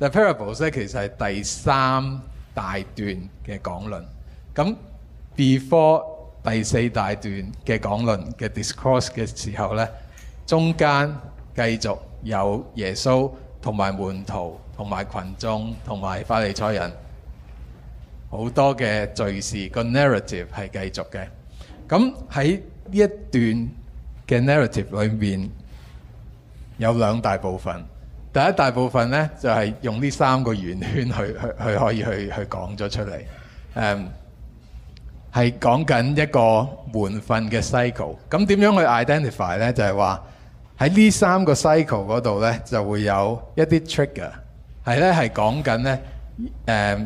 The parables 咧其實係第三大段嘅講論，咁 before 第四大段嘅講論嘅 discourse 嘅時候咧，中間繼續有耶穌同埋門徒同埋群眾同埋法利賽人好多嘅敘事個 narrative 係繼續嘅。咁喺呢一段嘅 narrative 裏面有兩大部分。第一大部分咧就係、是、用呢三個圓圈去去去可以去去講咗出嚟，誒係講緊一個門份嘅 cycle。咁點樣去 identify 咧？就係、是、話，喺呢三個 cycle 度咧就會有一啲 trigger 係咧係講緊咧誒誒、um,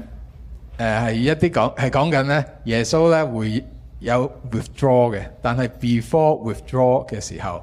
係、啊、一啲講係講緊咧耶穌咧會有 withdraw 嘅，但係 before withdraw 嘅時候。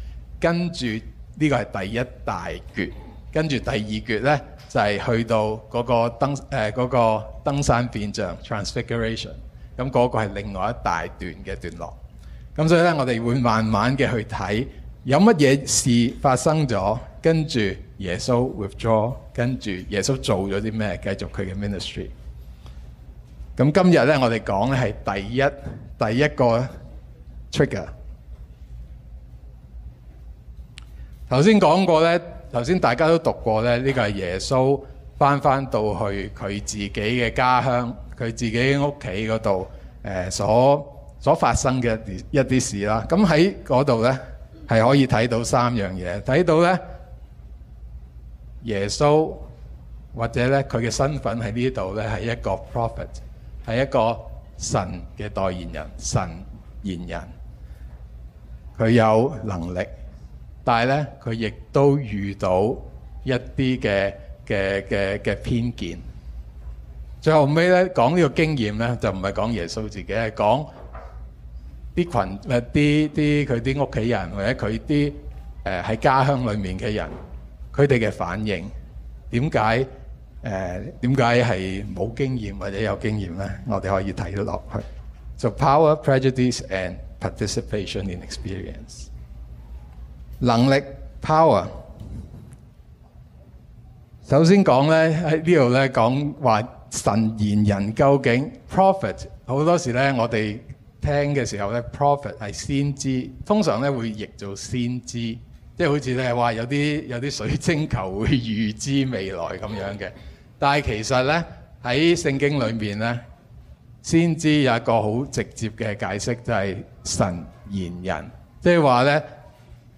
跟住呢、這個係第一大決，跟住第二決呢，就係、是、去到嗰個登誒嗰個登山變像 Transfiguration，咁嗰個係另外一大段嘅段落。咁所以呢，我哋會慢慢嘅去睇有乜嘢事發生咗，跟住耶穌 withdraw，跟住耶穌做咗啲咩，繼續佢嘅 ministry。咁今日呢，我哋講係第一第一個 trigger。頭先講過咧，頭先大家都讀過咧，呢個係耶穌返返到去佢自己嘅家鄉，佢自己屋企嗰度，誒所所發生嘅一啲一啲事啦。咁喺嗰度咧，係可以睇到三樣嘢，睇到咧耶穌或者咧佢嘅身份喺呢度咧係一個 prophet，係一個神嘅代言人，神言人，佢有能力。但係咧，佢亦都遇到一啲嘅嘅嘅嘅偏見。最後尾咧，講呢個經驗咧，就唔係講耶穌自己，係講啲群誒，啲啲佢啲屋企人，或者佢啲誒喺家鄉裏面嘅人，佢哋嘅反應，點解誒，點解係冇經驗或者有經驗咧？我哋可以睇得落去。So power prejudice and participation in experience. 能力 power，首先講呢，喺呢度呢講話神言人究竟 prophet 好多時呢，我哋聽嘅時候呢 prophet 係先知，通常呢會譯做先知，即係好似你係話有啲有啲水晶球會預知未來咁樣嘅。但係其實呢，喺聖經裏面呢，先知有一個好直接嘅解釋，就係、是、神言人，即係話呢。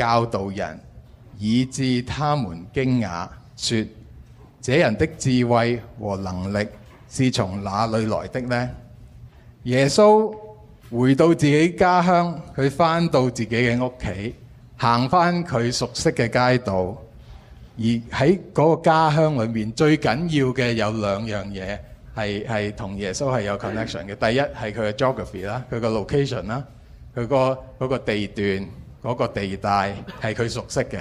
教導人，以致他們驚訝，說：這人的智慧和能力是從哪裏來的呢？耶穌回到自己家鄉，佢翻到自己嘅屋企，行翻佢熟悉嘅街道。而喺嗰個家鄉裏面，最緊要嘅有兩樣嘢，係係同耶穌係有 connection 嘅。第一係佢嘅 geography 啦，佢個 location 啦，佢個嗰個地段。嗰個地帶係佢熟悉嘅。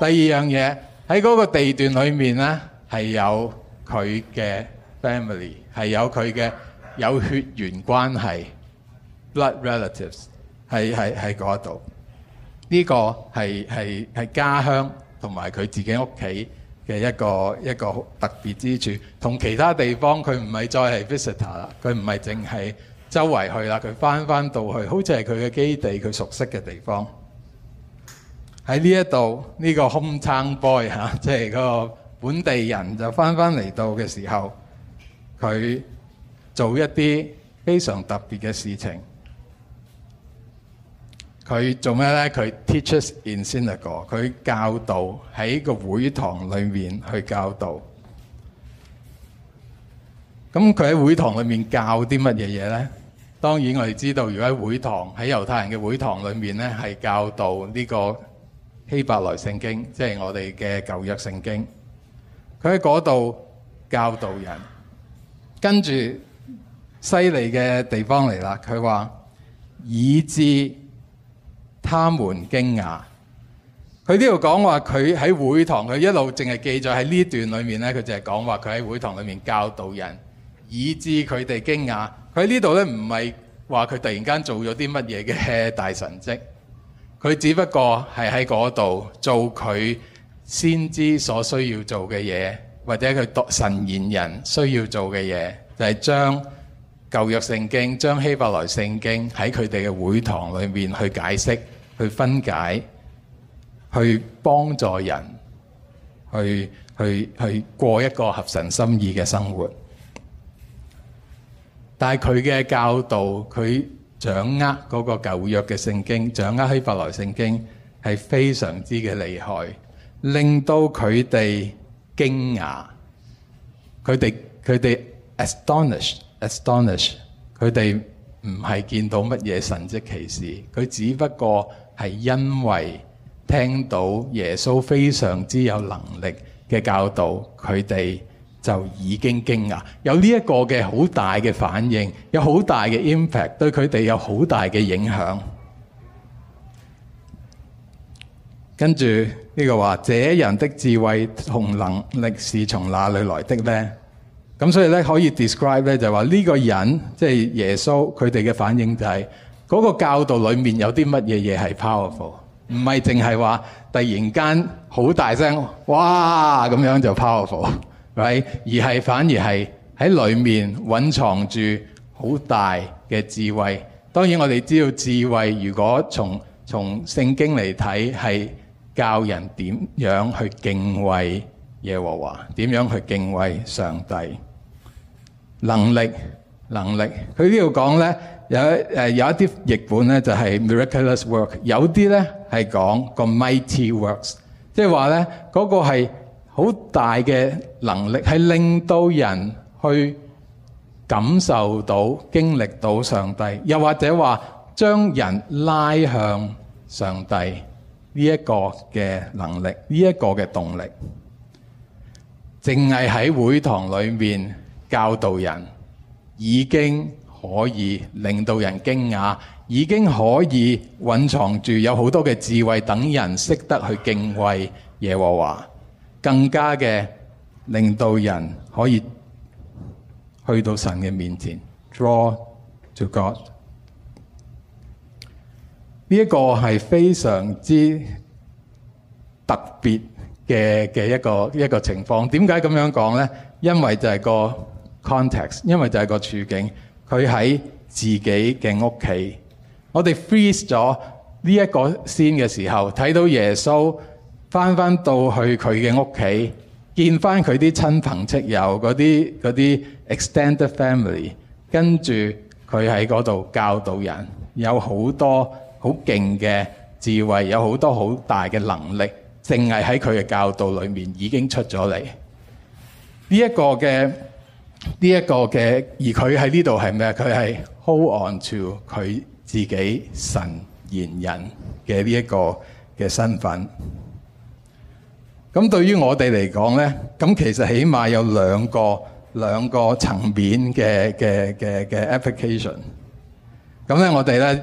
第二樣嘢喺嗰個地段裏面呢，係有佢嘅 family，係有佢嘅有血緣關係 （blood relatives），係係喺嗰度。呢個係係係家鄉同埋佢自己屋企嘅一個一個特別之處，同其他地方佢唔係再係 visitor 啦，佢唔係淨係，周圍去啦，佢翻翻到去，好似係佢嘅基地，佢熟悉嘅地方。喺呢一度，呢、這個 home town boy 嚇、啊，即、就、係、是、個本地人就翻翻嚟到嘅時候，佢做一啲非常特別嘅事情。佢做咩咧？佢 teaches in synagogue，佢教導喺個會堂裏面去教導。咁佢喺會堂裏面教啲乜嘢嘢咧？當然我哋知道，如果喺會堂喺猶太人嘅會堂裏面咧，係教導呢個希伯來聖經，即係我哋嘅舊約聖經。佢喺嗰度教導人，跟住犀利嘅地方嚟啦。佢話，以致他們驚訝。佢呢度講話，佢喺會堂，佢一路淨係記咗喺呢段裏面咧，佢淨係講話，佢喺會堂裏面教導人。以致佢哋驚訝，佢呢度咧唔係話佢突然間做咗啲乜嘢嘅大神蹟，佢只不過係喺嗰度做佢先知所需要做嘅嘢，或者佢神言人需要做嘅嘢，就係、是、將舊約聖經、將希伯來聖經喺佢哋嘅會堂裏面去解釋、去分解、去幫助人，去去去過一個合神心意嘅生活。但係佢嘅教導，佢掌握嗰個舊約嘅聖經，掌握希伯來聖經係非常之嘅厲害，令到佢哋驚訝。佢哋佢哋 astonish astonish，佢哋唔係見到乜嘢神跡奇事，佢只不過係因為聽到耶穌非常之有能力嘅教導，佢哋。就已經驚訝，有呢一個嘅好大嘅反應，有好大嘅 impact，對佢哋有好大嘅影響。跟住呢個話，這人的智慧同能力是從哪裏來的呢？咁所以咧可以 describe 咧就話呢個人，即係耶穌，佢哋嘅反應就係嗰個教導裏面有啲乜嘢嘢係 powerful，唔係淨係話突然間好大聲，哇咁樣就 powerful。而係反而係喺裏面蘊藏住好大嘅智慧。當然我哋知道智慧，如果從從聖經嚟睇，係教人點樣去敬畏耶和華，點樣去敬畏上帝。能力，能力，佢呢度講呢，有有一啲譯本呢就係、是、miraculous work，有啲呢係講個 mighty works，即係話呢嗰、嗰個係。好大嘅能力，係令到人去感受到、經歷到上帝，又或者話將人拉向上帝呢一個嘅能力，呢一個嘅動力，淨係喺會堂裏面教導人，已經可以令到人驚訝，已經可以蘊藏住有好多嘅智慧，等人識得去敬畏耶和華。更加嘅令到人可以去到神嘅面前，draw to God。呢一個係非常之特別嘅嘅一個一個情況，點解咁樣講咧？因為就係個 context，因為就係個處境。佢喺自己嘅屋企，我哋 freeze 咗呢一個先嘅時候，睇到耶穌。翻翻到去佢嘅屋企，見翻佢啲親朋戚友嗰啲嗰啲 extended family，跟住佢喺嗰度教導人，有好多好勁嘅智慧，有好多好大嘅能力，淨係喺佢嘅教導裏面已經出咗嚟。呢一個嘅呢一個嘅，而佢喺呢度係咩？佢係 hold on to 佢自己神言人嘅呢一個嘅身份。咁對於我哋嚟講咧，咁其實起碼有兩個兩個層面嘅嘅嘅嘅 application。咁咧，我哋咧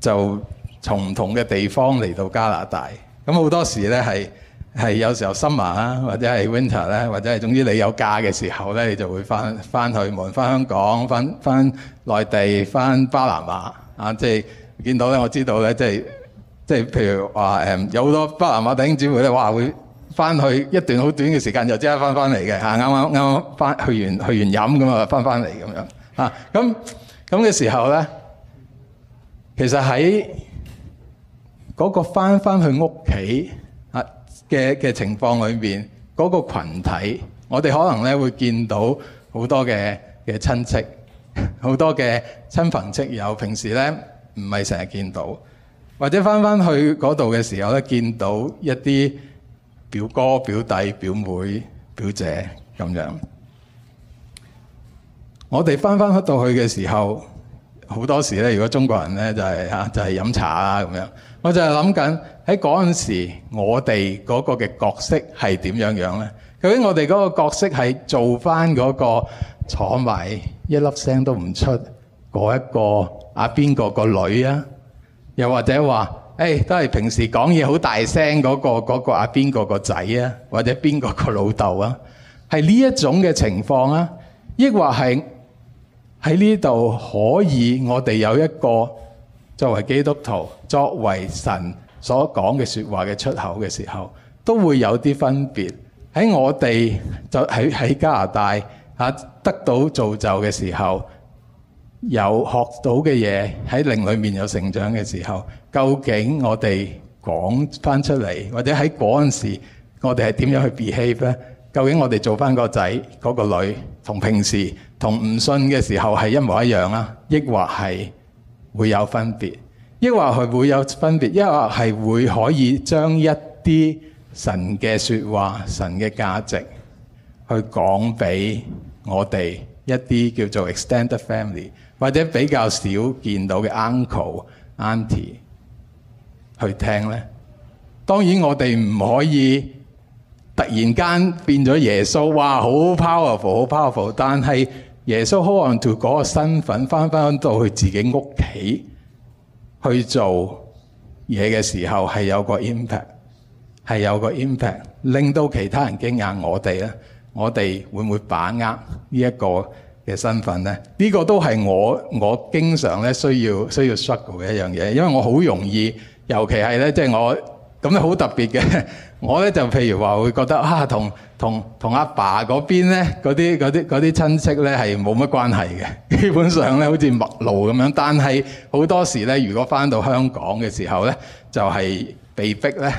就從唔同嘅地方嚟到加拿大。咁好多時咧係係有時候 summer 啊，或者係 winter 咧，或者係總之你有假嘅時候咧，你就會翻翻去，無論翻香港、翻翻內地、翻巴拿馬啊，即係見到咧，我知道咧，即係即係譬如話、呃、有好多巴拿馬弟兄姊妹咧，哇會～翻去一段好短嘅時間就即刻翻翻嚟嘅嚇，啱啱啱翻去完去完飲咁啊，翻翻嚟咁樣啊，咁咁嘅時候咧，其實喺嗰個翻翻去屋企啊嘅嘅情況裏面，嗰個群體，我哋可能咧會見到好多嘅嘅親戚，好多嘅親朋戚友，然後平時咧唔係成日見到，或者翻翻去嗰度嘅時候咧，見到一啲。表哥、表弟、表妹、表姐咁樣，我哋翻返出到去嘅時候，好多時咧，如果中國人咧就係啊就係飲茶啊咁樣。我就係諗緊喺嗰陣時，我哋嗰個嘅角色係點樣樣咧？究竟我哋嗰個角色係做翻嗰個坐埋一粒聲都唔出嗰一個阿邊個個女啊？又或者話，誒，hey, 都係平時講嘢好大聲嗰、那個嗰、那個阿、啊、邊個個仔啊，或者邊個個老豆啊，係呢一種嘅情況啊，亦或係喺呢度可以我哋有一個作為基督徒，作為神所講嘅說話嘅出口嘅時候，都會有啲分別。喺我哋就喺喺加拿大啊，得到造就嘅時候。有學到嘅嘢喺靈裏面有成長嘅時候，究竟我哋講翻出嚟，或者喺嗰陣時我哋係點樣去 behave 呢？究竟我哋做翻個仔嗰個女，同平時同唔信嘅時候係一模一樣啦，抑或係會有分別？抑或係會有分別？抑或係會可以將一啲神嘅說話、神嘅價值去講俾我哋一啲叫做 extended family。或者比較少見到嘅 uncle、auntie 去聽咧。當然我哋唔可以突然間變咗耶穌，哇，好 powerful、好 powerful。Power，但係耶穌 hold on to 嗰個身份，翻返回到去自己屋企去做嘢嘅時候，係有個 impact，係有個 impact，令到其他人驚訝我哋咧。我哋會唔會把握呢一個？嘅身份咧，呢、這個都係我我經常咧需要需要 struggle 嘅一樣嘢，因為我好容易，尤其係咧即係我咁咧好特別嘅，我咧就譬如話會覺得啊，同同同阿爸嗰邊咧嗰啲嗰啲嗰啲親戚咧係冇乜關係嘅，基本上咧好似陌路咁樣。但係好多時咧，如果翻到香港嘅時候咧，就係、是、被逼咧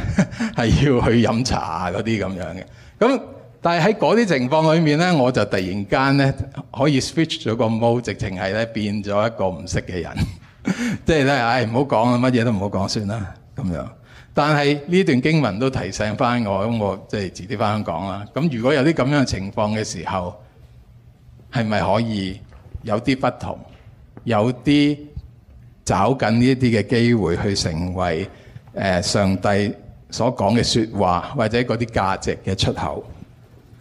係要去飲茶嗰啲咁樣嘅。咁但係喺嗰啲情況裏面咧，我就突然間咧可以 switch 咗個 mode，直情係咧變咗一個唔識嘅人，即係咧唉唔好講啊，乜嘢都唔好講算啦咁樣。但係呢段經文都提醒返我，咁我即係遲啲返香港啦。咁如果有啲咁樣嘅情況嘅時候，係咪可以有啲不同，有啲找緊呢啲嘅機會去成為誒、呃、上帝所講嘅説話，或者嗰啲價值嘅出口？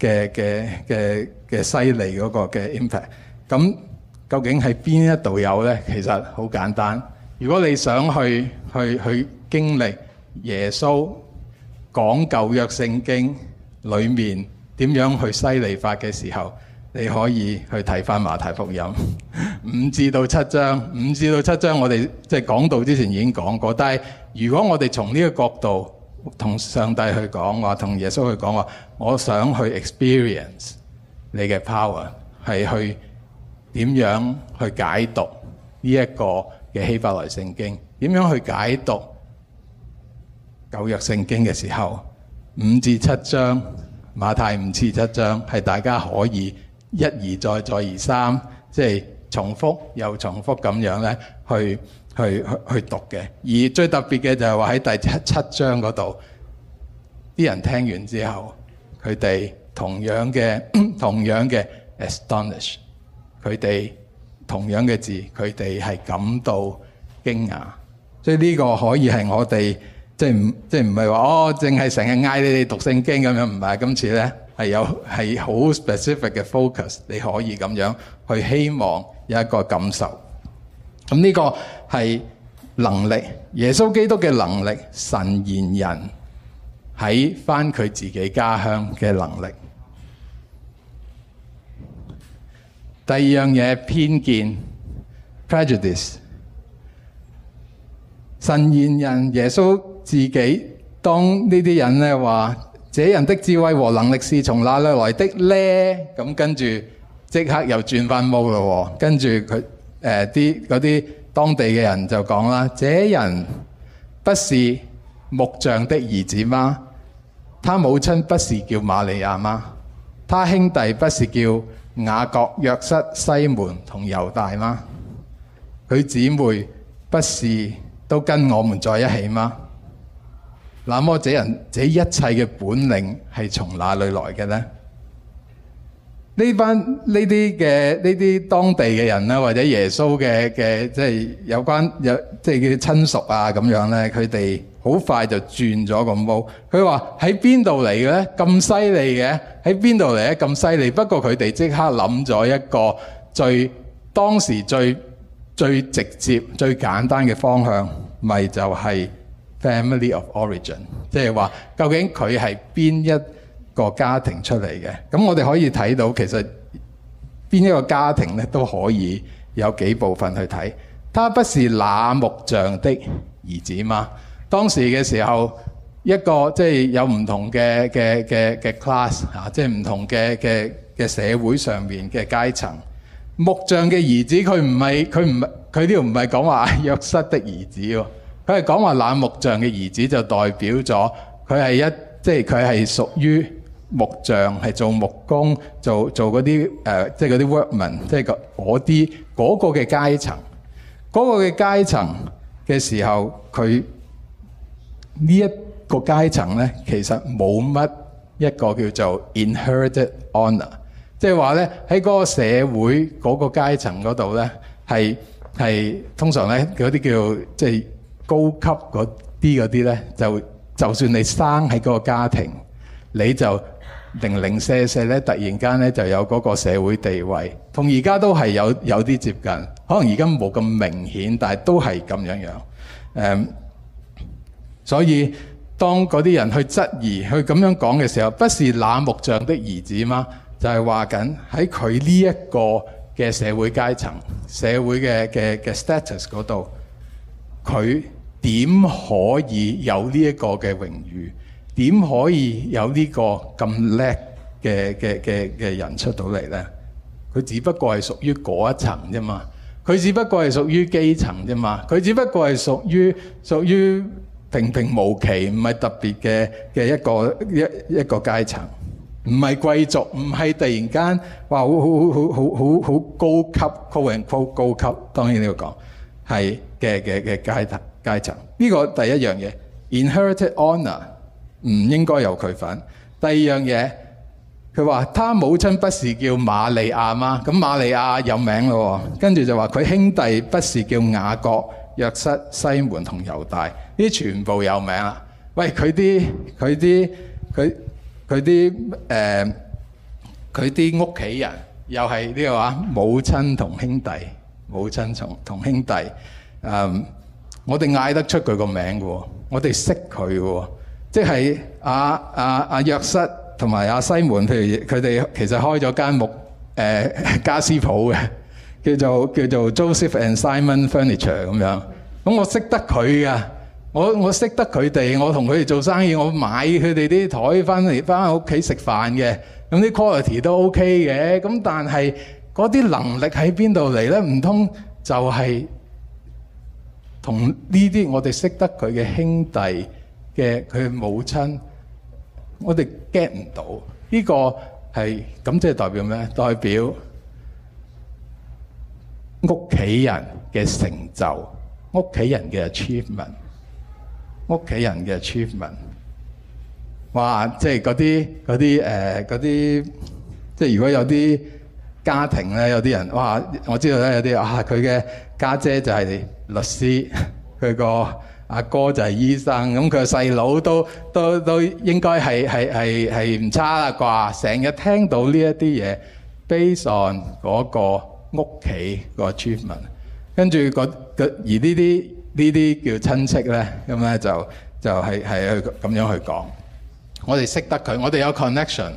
嘅嘅嘅嘅犀利嗰個嘅 impact，咁究竟喺邊一度有咧？其實好簡單，如果你想去去去經歷耶穌講舊約聖經裏面點樣去犀利法嘅時候，你可以去睇翻馬太福音五至到七章。五至到七章我哋即係講到之前已經講過，但係如果我哋從呢個角度，同上帝去講話，同耶穌去講話，我想去 experience 你嘅 power，係去點樣去解讀呢一個嘅希伯來聖經？點樣去解讀舊約聖經嘅時候，五至七章，馬太五次七章，係大家可以一而再，再而三，即係重複又重複咁樣咧去，去去去讀嘅，而最特別嘅就係話喺第七七章嗰度，啲人聽完之後，佢哋同樣嘅同樣嘅 astonish，佢哋同樣嘅字，佢哋係感到驚訝，所以呢個可以係我哋即係唔即係唔係話哦，淨係成日嗌你哋讀聖經咁樣唔係，今次咧係有係好 specific 嘅 focus，你可以咁樣去希望有一個感受，咁呢個。係能力，耶穌基督嘅能力，神言人喺翻佢自己家鄉嘅能力。第二樣嘢偏見，prejudice。神言人耶穌自己當呢啲人咧話，這人的智慧和能力是從哪裏來的咧？咁跟住即刻又轉翻冇啦喎，跟住佢誒啲嗰啲。呃當地嘅人就講啦，這人不是木匠的兒子嗎？他母親不是叫瑪利亞嗎？他兄弟不是叫雅各、約瑟、西門同猶大嗎？佢姊妹不是都跟我們在一起嗎？那麼，這人這一切嘅本領係從哪裡來嘅呢？呢班呢啲嘅呢啲當地嘅人啦，或者耶穌嘅嘅即係有關有即係佢親屬啊咁樣咧，佢哋好快就轉咗個 MO，佢話喺邊度嚟嘅咧？咁犀利嘅，喺邊度嚟咧？咁犀利。不過佢哋即刻諗咗一個最當時最最直接最簡單嘅方向，咪就係、是、family of origin，即係話究竟佢係邊一？個家庭出嚟嘅，咁我哋可以睇到，其實邊一個家庭咧都可以有幾部分去睇。他不是那木匠的兒子嘛？當時嘅時候，一個即係、就是、有唔同嘅嘅嘅嘅 class 啊，即係唔同嘅嘅嘅社會上面嘅階層。木匠嘅兒子佢唔係佢唔係佢呢度唔係講話約瑟的兒子，佢係講話那木匠嘅兒子就代表咗佢係一即係佢係屬於。就是木匠係做木工，做做啲誒即係啲 workman，即係個啲個嘅階層個嘅階層嘅時候，佢、這個、呢一個階層咧，其實冇乜一個叫做 inherited honor 即係話咧喺嗰社會嗰個階層度咧，係係通常咧嗰啲叫即係、就是、高級啲啲咧，就就算你生喺個家庭，你就零零四四咧，突然間咧就有嗰個社會地位，同而家都係有有啲接近，可能而家冇咁明顯，但係都係咁樣樣。誒、嗯，所以當嗰啲人去質疑、去咁樣講嘅時候，不是那木匠的兒子嗎，就係話緊喺佢呢一個嘅社會階層、社會嘅嘅嘅 status 嗰度，佢點可以有呢一個嘅榮譽？點可以有呢個咁叻嘅嘅嘅嘅人出到嚟咧？佢只不過係屬於嗰一層啫嘛。佢只不過係屬於基層啫嘛。佢只不過係屬於屬於平平無奇，唔係特別嘅嘅一個一一個階層，唔係貴族，唔係突然間話好好好好好好好高級，高人高高級。當然呢個講係嘅嘅嘅階階層，呢個第一樣嘢，inherited honour。唔應該由佢份。第二樣嘢。佢話：他，說他母親不是叫瑪利亞嗎？咁瑪利亞有名咯。跟住就話佢兄弟不是叫雅各、約瑟、西門同猶大，呢全部有名啦。喂，佢啲佢啲佢佢啲誒佢啲屋企人又係呢個話？母親同兄弟，母親同同兄弟。嗯，我哋嗌得出佢個名嘅，我哋識佢嘅。即係阿啊啊約瑟同埋阿西門，譬如佢哋其實開咗間木誒傢俬鋪嘅，叫做叫做 Joseph and Simon Furniture 咁樣。咁我識得佢㗎。我我識得佢哋，我同佢哋做生意，我買佢哋啲枱翻嚟翻屋企食飯嘅。咁啲 quality 都 OK 嘅，咁但係嗰啲能力喺邊度嚟呢？唔通就係同呢啲我哋識得佢嘅兄弟？嘅佢母親，我哋 get 唔到呢、這個係咁，即係代表咩？代表屋企人嘅成就，屋企人嘅 achievement，屋企人嘅 achievement。哇！即係嗰啲嗰啲誒嗰啲，即係如果有啲家庭咧，有啲人哇，我知道咧有啲啊，佢嘅家姐就係律師，佢個。阿哥就係醫生，咁佢細佬都都都應該係係係係唔差啦啩，成日聽到呢一啲嘢 based on 嗰個屋企個 achievement，跟住而呢啲呢啲叫親戚咧，咁咧就就係係咁樣去講。我哋識得佢，我哋有 connection，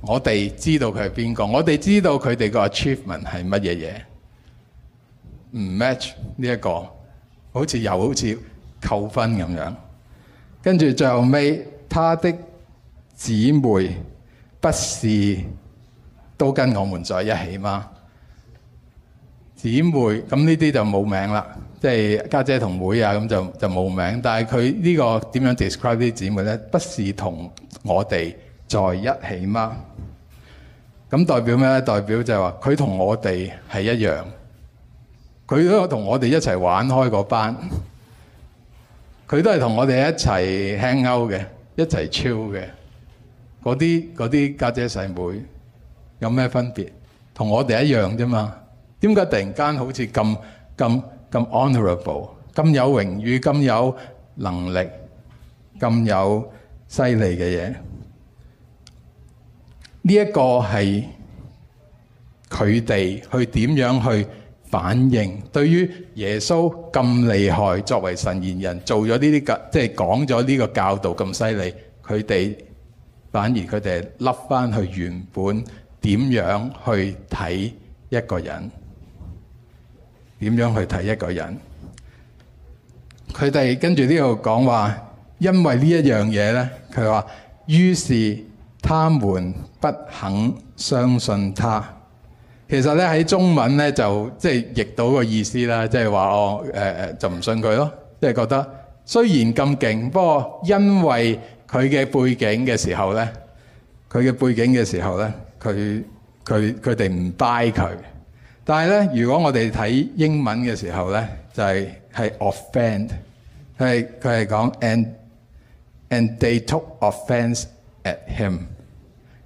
我哋知道佢係邊個，我哋知道佢哋個 achievement 係乜嘢嘢，唔 match 呢一個，好似又好似。扣分咁樣，跟住最後尾，他的姊妹不是都跟我們在一起嗎？姊妹咁呢啲就冇名啦，即係家姐同妹，妹啊咁就就冇名。但係佢呢個點樣 describe 啲姊妹呢？不是同我哋在一起嗎？咁代表咩咧？代表就係話佢同我哋係一樣，佢都有同我哋一齊玩開個班。佢都係同我哋一齊 hang out 嘅，一齊超嘅。嗰啲嗰啲家姐細妹有咩分別？同我哋一樣啫嘛。點解突然間好似咁咁咁 honorable，咁有榮譽，咁有能力，咁有犀利嘅嘢？呢一個係佢哋去點樣去？反應對於耶穌咁厲害，作為神言人做咗呢啲教，即係講咗呢個教導咁犀利，佢哋反而佢哋甩翻去原本點樣去睇一個人，點樣去睇一個人？佢哋跟住呢度講話，因為呢一樣嘢咧，佢話，於是他們不肯相信他。其實咧，喺中文咧，就即係譯到個意思啦，即係話我誒誒就唔信佢咯，即係覺得雖然咁勁，不過因為佢嘅背景嘅時候咧，佢嘅背景嘅時候咧，佢佢佢哋唔 buy 佢。但係咧，如果我哋睇英文嘅時候咧，就係係 offend，係佢係講 and and they took offence at him。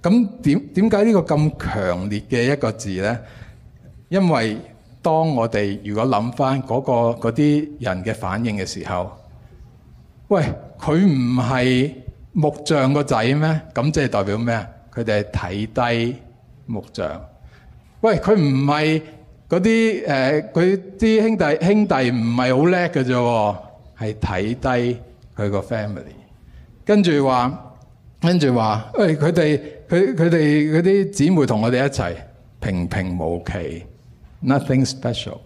咁點點解呢個咁強烈嘅一個字咧？因為當我哋如果諗翻嗰個嗰啲人嘅反應嘅時候，喂，佢唔係木匠個仔咩？咁即係代表咩？佢哋係睇低木匠。喂，佢唔係嗰啲誒，佢、呃、啲兄弟兄弟唔係好叻嘅啫，係睇低佢個 family。跟住話，跟住話，喂，佢哋。佢佢哋嗰啲姊妹同我哋一齊平平無奇，nothing special。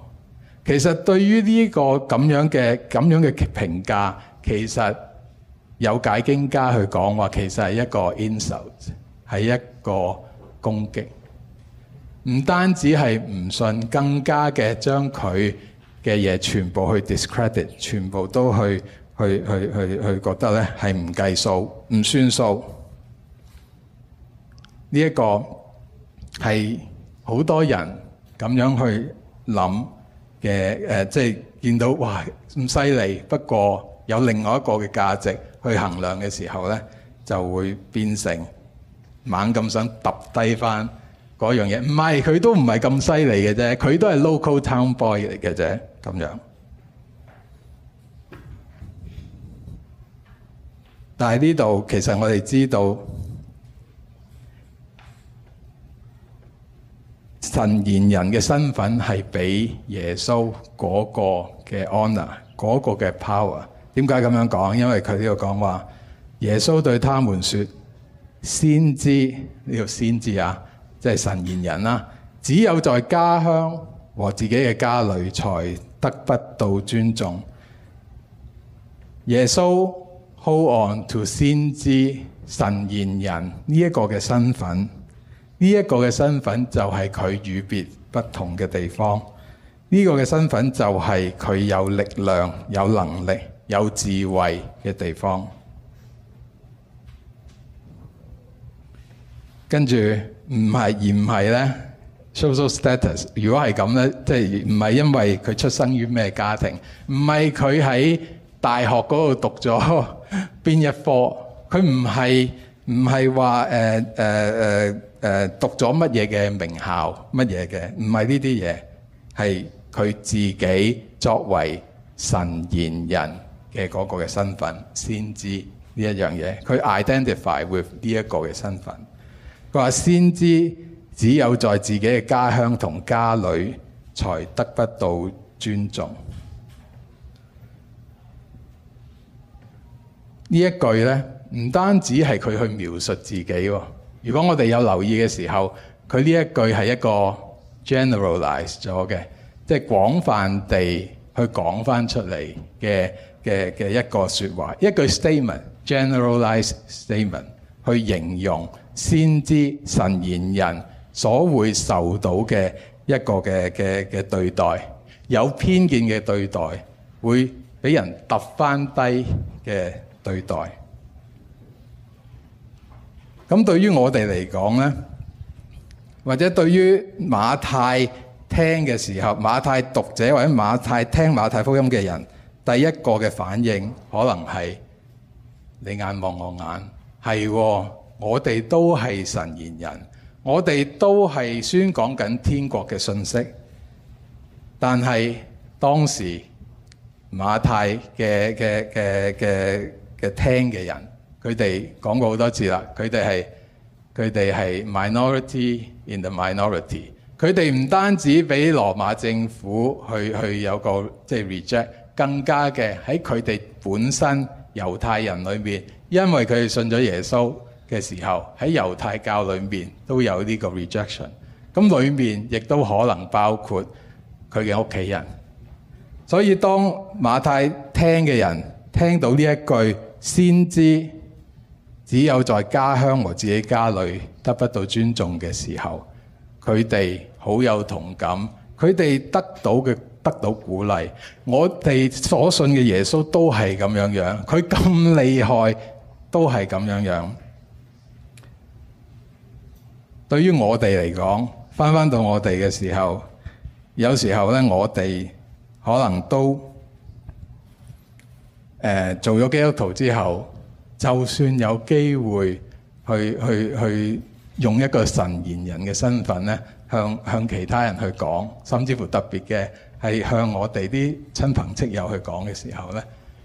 其實對於呢個咁樣嘅咁樣嘅評價，其實有解經家去講話，其實係一個 insult，係一個攻擊。唔單止係唔信，更加嘅將佢嘅嘢全部去 discredit，全部都去去去去去覺得咧係唔計數、唔算數。呢一個係好多人咁樣去諗嘅，誒，即係見到哇咁犀利。不過有另外一個嘅價值去衡量嘅時候咧，就會變成猛咁想揼低翻嗰樣嘢。唔係佢都唔係咁犀利嘅啫，佢都係 local town boy 嚟嘅啫，咁樣。但係呢度其實我哋知道。神言人嘅身份係畀耶穌嗰個嘅 honor，嗰個嘅 power。點解咁樣講？因為佢呢度講話耶穌對他們說：先知呢個先知啊，即係神言人啦、啊，只有在家鄉和自己嘅家裏才得不到尊重。耶穌 hold on to 先知神言人呢一個嘅身份。呢一個嘅身份就係佢與別不同嘅地方，呢個嘅身份就係佢有力量、有能力、有智慧嘅地方。跟住唔係而唔係呢，social status。如果係咁呢，即係唔係因為佢出生於咩家庭，唔係佢喺大學嗰度讀咗邊一科，佢唔係唔係話誒誒誒。不是說呃呃誒讀咗乜嘢嘅名校，乜嘢嘅，唔係呢啲嘢，係佢自己作為神言人嘅嗰個嘅身份先知呢一樣嘢。佢 identify with 呢一個嘅身份。佢話先知只有在自己嘅家鄉同家裏才得不到尊重。呢一句呢，唔單止係佢去描述自己，哦。如果我哋有留意嘅時候，佢呢一句係一個 generalize 咗嘅，即係廣泛地去講翻出嚟嘅嘅嘅一個說話，一句 statement，generalize statement 去形容先知神言人所會受到嘅一個嘅嘅嘅對待，有偏見嘅對待，會俾人揼翻低嘅對待。咁對於我哋嚟講咧，或者對於馬太聽嘅時候，馬太讀者或者馬太聽馬太福音嘅人，第一個嘅反應可能係你眼望我眼，係我哋都係神言人，我哋都係宣講緊天國嘅信息，但係當時馬太嘅嘅嘅嘅嘅聽嘅人。佢哋講過好多次啦，佢哋係佢哋係 minority in the minority。佢哋唔單止俾羅馬政府去去有個即係 reject，更加嘅喺佢哋本身猶太人裏面，因為佢哋信咗耶穌嘅時候，喺猶太教裏面都有呢個 rejection。咁裏面亦都可能包括佢嘅屋企人。所以當馬太聽嘅人聽到呢一句，先知。只有在家鄉和自己家裏得不到尊重嘅時候，佢哋好有同感。佢哋得到嘅得到鼓勵，我哋所信嘅耶穌都係咁樣樣。佢咁厲害，都係咁樣樣。對於我哋嚟講，翻返到我哋嘅時候，有時候咧，我哋可能都誒做咗基督徒之後，就算有機會去去去用一個神言人嘅身份咧，向向其他人去講，甚至乎特別嘅係向我哋啲親朋戚友去講嘅時候咧，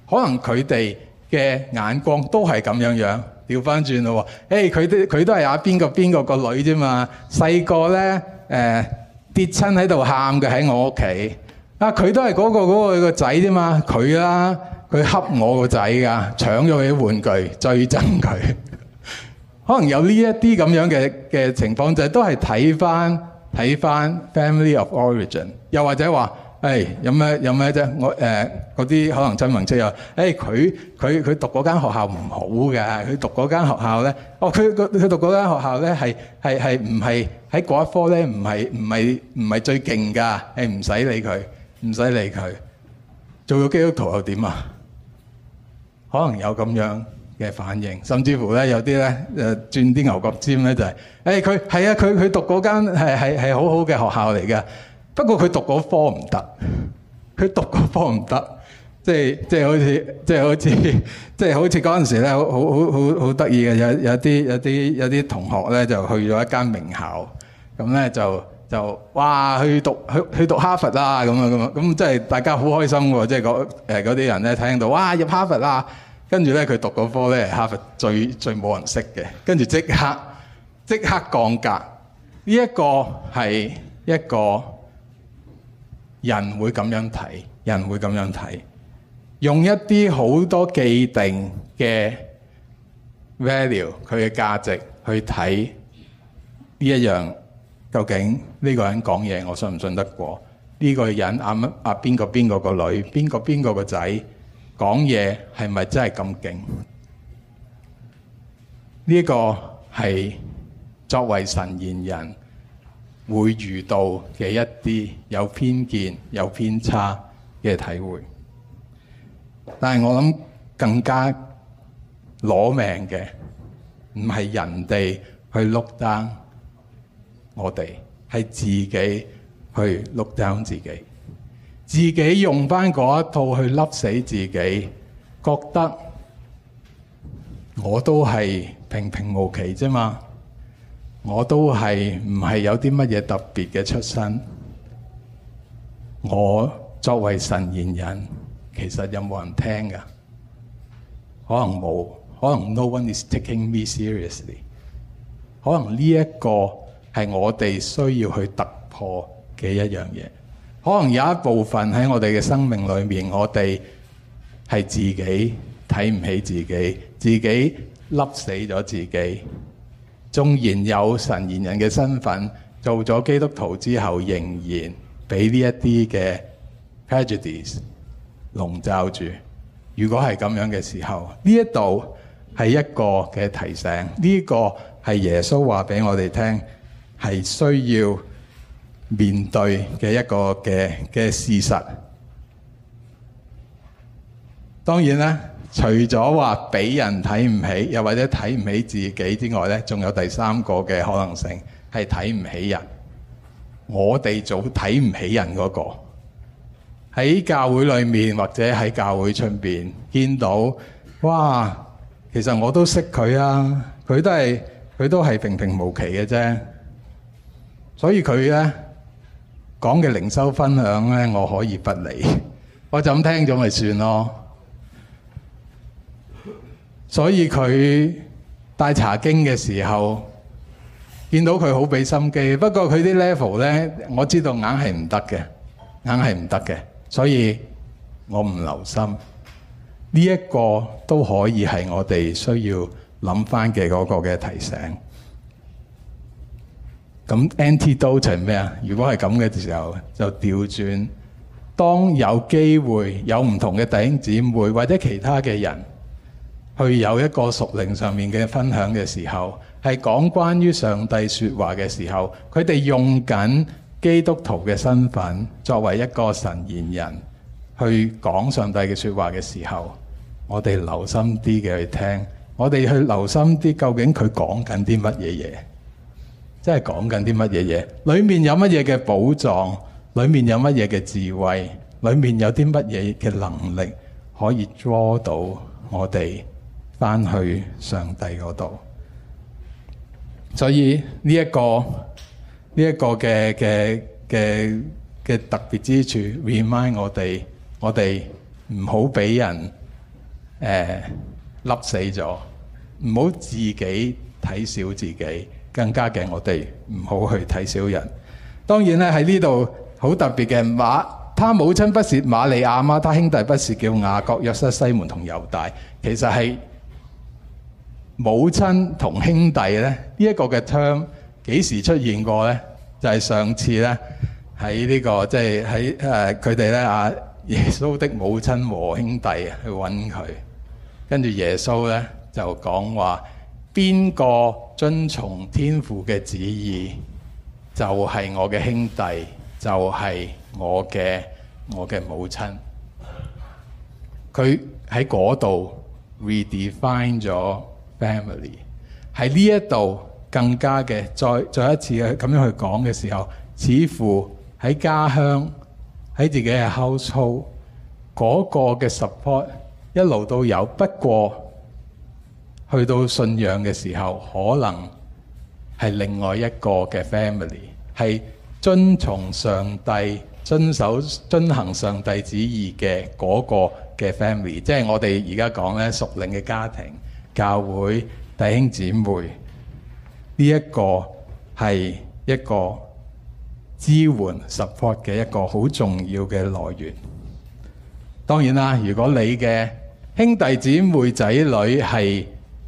可能佢哋嘅眼光都係咁樣樣，調翻轉咯喎！佢、欸、都佢都係阿邊個邊個個女啫嘛，細個咧誒跌親喺度喊嘅喺我屋企，啊，佢都係嗰個嗰個個仔啫嘛，佢啦。佢恰我個仔㗎，搶咗佢啲玩具，最憎佢。 可能有呢一啲咁樣嘅嘅情況，就係、都係睇翻睇翻 family of origin。又或者話，誒、欸、有咩有咩啫？我嗰啲、呃、可能親朋戚友，誒佢佢佢讀嗰間學校唔好㗎。佢讀嗰間學校咧，哦佢佢佢讀嗰間學校咧係係係唔係喺嗰一科咧唔係唔係唔係最勁㗎？誒唔使理佢，唔使理佢。做咗基督徒又點啊？可能有咁樣嘅反應，甚至乎咧有啲咧誒轉啲牛角尖咧就係、是，誒佢係啊佢佢讀嗰間係係係好好嘅學校嚟嘅，不過佢讀嗰科唔得，佢讀嗰科唔得，即係即係好似即係好似即係好似嗰陣時咧好好好好得意嘅有有啲有啲有啲同學咧就去咗一間名校，咁咧就。就哇，去讀去去讀哈佛啦，咁樣咁樣，咁即係大家好開心喎！即係嗰誒嗰啲人咧聽到哇入哈佛啦，跟住咧佢讀嗰科咧哈佛最最冇人識嘅，跟住即刻即刻降格。呢一個係一個人會咁樣睇，人會咁樣睇，用一啲好多既定嘅 value 佢嘅價值去睇呢一樣。究竟呢個人講嘢，我信唔信得過？呢個人啊乜啊邊個邊個個女，邊個邊個個仔講嘢，係咪真係咁勁？呢個係作為神言人會遇到嘅一啲有偏見、有偏差嘅體會。但係我諗更加攞命嘅，唔係人哋去碌燈。我哋係自己去錄 down 自己，自己用翻嗰一套去笠死自己，覺得我都係平平無奇啫嘛，我都係唔係有啲乜嘢特別嘅出身。我作為神言人，其實有冇人聽噶？可能冇，可能 no one is taking me seriously。可能呢一個。係我哋需要去突破嘅一樣嘢，可能有一部分喺我哋嘅生命裏面，我哋係自己睇唔起自己，自己笠死咗自己。縱然有神言人嘅身份，做咗基督徒之後，仍然俾呢一啲嘅 prejudice 籠罩住。如果係咁樣嘅時候，呢一度係一個嘅提醒，呢、呢個係耶穌話俾我哋聽。係需要面對嘅一個嘅嘅事實。當然啦，除咗話俾人睇唔起，又或者睇唔起自己之外咧，仲有第三個嘅可能性係睇唔起人。我哋做睇唔起人嗰個喺教會裏面，或者喺教會出面見到，哇！其實我都識佢啊，佢都係佢都係平平無奇嘅啫。所以佢咧講嘅靈修分享咧，我可以不理，我就咁聽咗咪算咯。所以佢帶查經嘅時候，見到佢好俾心機，不過佢啲 level 咧，我知道硬係唔得嘅，硬係唔得嘅，所以我唔留心。呢、這、一個都可以係我哋需要諗翻嘅嗰個嘅提醒。咁 antidote 係咩啊？如果係咁嘅時候，就調轉。當有機會有唔同嘅弟兄姊妹或者其他嘅人去有一個屬靈上面嘅分享嘅時候，係講關於上帝説話嘅時候，佢哋用緊基督徒嘅身份作為一個神言人去講上帝嘅説話嘅時候，我哋留心啲嘅去聽，我哋去留心啲究竟佢講緊啲乜嘢嘢。即係講緊啲乜嘢嘢？裏面有乜嘢嘅寶藏？裏面有乜嘢嘅智慧？裏面有啲乜嘢嘅能力可以捉到我哋翻去上帝嗰度？所以呢一個呢一個嘅嘅嘅嘅特別之處，remind 我哋，我哋唔好俾人誒笠死咗，唔好自己睇小自己。更加嘅，我哋唔好去睇小人。當然咧，喺呢度好特別嘅馬，他母親不是瑪利亞嗎？他兄弟不是叫雅各、約瑟、西門同猶大？其實係母親同兄弟咧，呢、這、一個嘅 term 幾時出現過呢？就係、是、上次咧喺呢、這個即係喺誒佢哋咧啊耶穌的母親和兄弟去揾佢，跟住耶穌咧就講話。邊個遵從天父嘅旨意，就係我嘅兄弟，就係我嘅我嘅母親。佢喺嗰度 redefine 咗 family。喺呢一度更加嘅，再再一次咁樣去講嘅時候，似乎喺家鄉喺自己嘅 household，嗰個嘅 support 一路都有，不過。去到信仰嘅時候，可能係另外一個嘅 family，係遵從上帝、遵守、遵行上帝旨意嘅嗰個嘅 family，即係我哋而家講咧屬靈嘅家庭、教會弟兄姊妹呢一、這個係一個支援 support 嘅一個好重要嘅來源。當然啦，如果你嘅兄弟姊妹仔女係。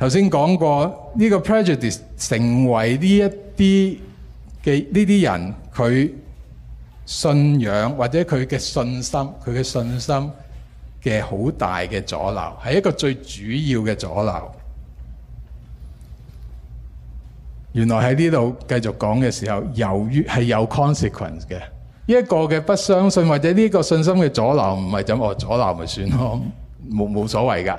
頭先講過呢個 prejudice 成為呢一啲人佢信仰或者佢嘅信心，佢嘅信心嘅好大嘅阻擋，係一個最主要嘅阻擋。原來喺呢度繼續講嘅時候，由於係有 consequence 嘅，呢一個嘅不相信或者呢個信心嘅阻擋，唔係就我阻擋咪算咯，冇，冇所謂㗎。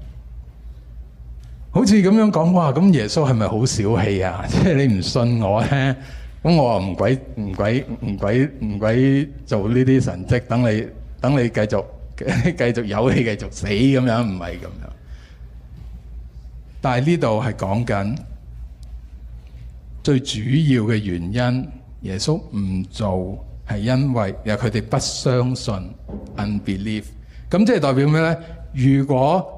好似咁樣講，哇！咁耶穌係咪好小氣啊？即係你唔信我咧，咁我話唔鬼、唔鬼、唔鬼、唔鬼做呢啲神蹟，等你等你繼續繼續有氣、繼續死咁樣，唔係咁樣。但係呢度係講緊最主要嘅原因，耶穌唔做係因為有佢哋不相信 （unbelief）。咁即係代表咩咧？如果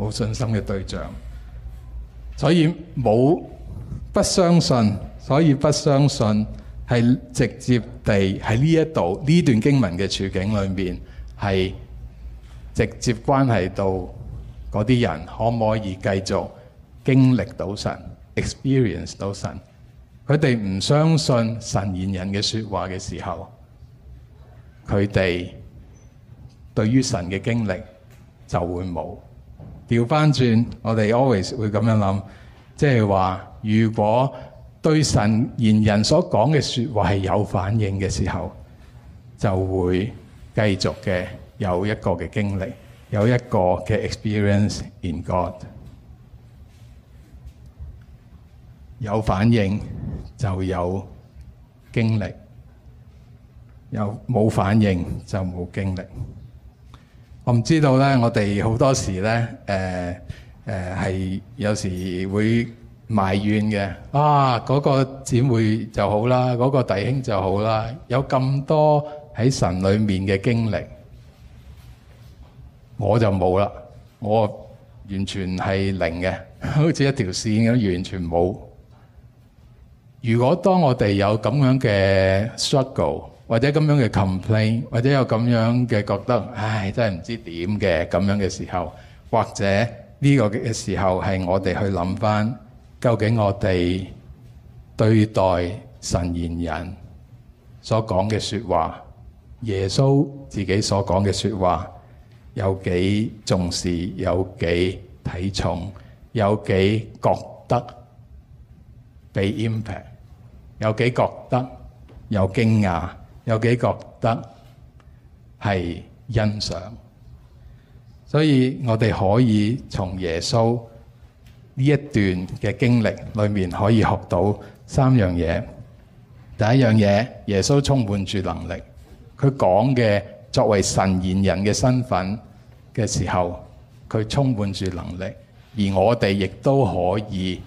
冇信心嘅對象，所以冇不相信，所以不相信係直接地喺呢一度呢段經文嘅處境裏面係直接關係到嗰啲人可唔可以繼續經歷到神、experience 到神。佢哋唔相信神言人嘅說話嘅時候，佢哋對於神嘅經歷就會冇。調翻轉，我哋 always 會咁樣諗，即係話，如果對神言人所講嘅説話係有反應嘅時候，就會繼續嘅有一個嘅經歷，有一個嘅 experience in God。有反應就有經歷，有冇反應就冇經歷。我唔知道咧，我哋好多時咧，誒誒係有時會埋怨嘅。啊，嗰個姊妹就好啦，嗰個弟兄就好啦。有咁多喺神裡面嘅經歷，我就冇啦。我完全係零嘅，好似一條線咁，完全冇。如果當我哋有咁樣嘅 struggle，或者咁樣嘅 complain，或者有咁樣嘅覺得，唉，真係唔知點嘅咁樣嘅時候，或者呢個嘅時候係我哋去諗返，究竟我哋對待神言人所講嘅説話，耶穌自己所講嘅説話，有幾重視，有幾睇重，有幾覺得俾 impact，有幾覺得有驚訝。有幾覺得係欣賞，所以我哋可以從耶穌呢一段嘅經歷裏面可以學到三樣嘢。第一樣嘢，耶穌充滿住能力，佢講嘅作為神言人嘅身份嘅時候，佢充滿住能力，而我哋亦都可以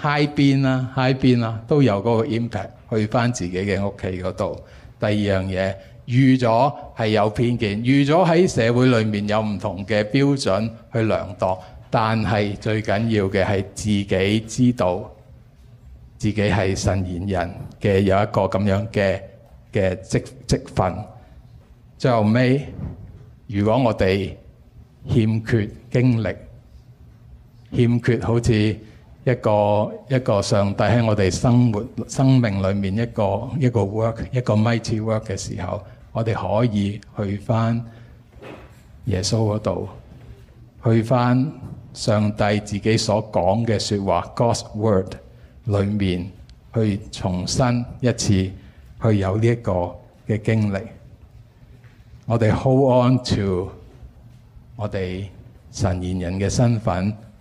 high 邊啦，high 邊啦，都有嗰個 impact 去返自己嘅屋企嗰度。第二樣嘢預咗係有偏見，預咗喺社會裏面有唔同嘅標準去量度，但係最緊要嘅係自己知道自己係信義人嘅有一個咁樣嘅嘅積積分。最後尾，如果我哋欠缺經歷，欠缺好似。一個一個上帝喺我哋生活生命裏面一個一個 work 一個 mighty work 嘅時候，我哋可以去返耶穌嗰度，去返上帝自己所講嘅說話 God's Word 裏面去重新一次去有呢一個嘅經歷。我哋 hold on to 我哋神言人嘅身份。